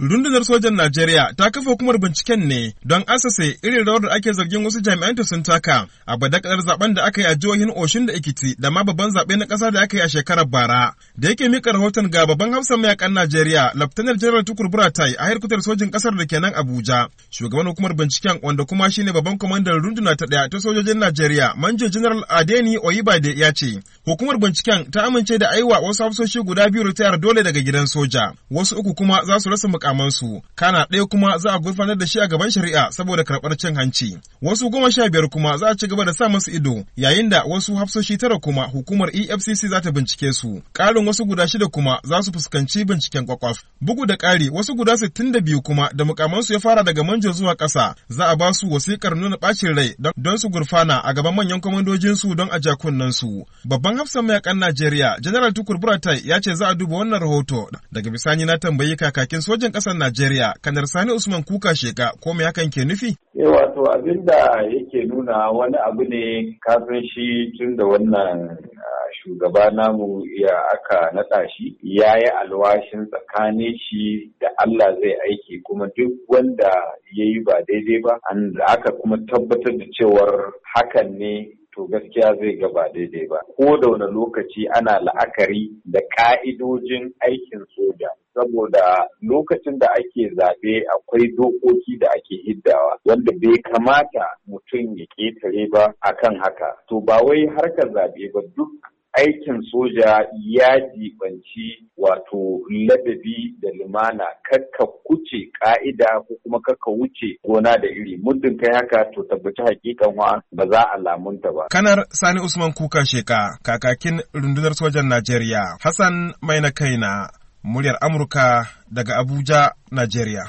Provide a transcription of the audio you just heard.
Rundunar sojan Najeriya ta kafa hukumar binciken ne don asase irin rawar da ake zargin wasu jami'an ta sun taka a badakar zaben da aka yi a jihohin Oshin da Ekiti da ma babban zaɓe na ƙasa da aka yi a shekarar bara. Da yake mika rahoton ga babban Hafsa mayakan Najeriya, Laftanar Jeneral Tukur Buratai a harkutar sojin ƙasar da kenan Abuja. Shugaban hukumar binciken wanda kuma shine babban kwamandan runduna ta ɗaya ta sojojin Najeriya, Manjo Jeneral Adeni Oyibade ya ce, Hukumar binciken ta amince da aiwa wasu hafsoshi guda biyu ritayar dole daga gidan soja, wasu uku kuma za su rasa mukamansu, kana ɗaya kuma za a gurfanar da shi a gaban shari'a saboda karɓar cin hanci. Wasu goma sha biyar kuma za a ci gaba da sa masu ido, yayin da wasu hafsoshi tara kuma hukumar EFCC za ta bincike su. Ƙarin wasu guda shida kuma za su fuskanci binciken kwakwaf. Bugu da ƙari wasu guda sittin da biyu kuma da mukamansu ya fara daga manjo zuwa ƙasa za a ba su wasiƙar nuna ɓacin rai don su gurfana a gaban manyan kwamandojinsu don a jakunnansu Babban hafsan mayakan Najeriya, General Tukur Buratai ya ce za a duba wannan rahoto. Daga bisani na tambayi kakakin sojin ƙasar Najeriya, Kanar Sani Usman Kuka Sheka, ko me hakan ke nufi? Eh wato abin da yake nuna wani abu ne kafin shi tun da wannan shugaba namu ya aka naɗa shi ya yi alwashin tsakanin shi da Allah zai aiki kuma duk wanda ya yi ba daidai ba an aka kuma tabbatar da cewar hakan ne to gaskiya zai ga ba daidai ba. Ko da wani lokaci ana la'akari da ka'idojin aikin soja. Saboda lokacin da ake zaɓe akwai dokoki da ake hiddawa wanda bai kamata mutum ya ƙetare ba akan haka. To ba wai harkar zaɓe ba duk aikin soja ya jibanci wato ladabi da limana kakka kuce ka'ida ko kuma kakka wuce gona da iri muddin kai haka to tabbaci hakikan wa ba za a lamunta ba. Kanar Sani Usman Kuka Sheka kakakin rundunar sojan Najeriya Hassan mai na Kaina muryar Amurka daga Abuja, Najeriya.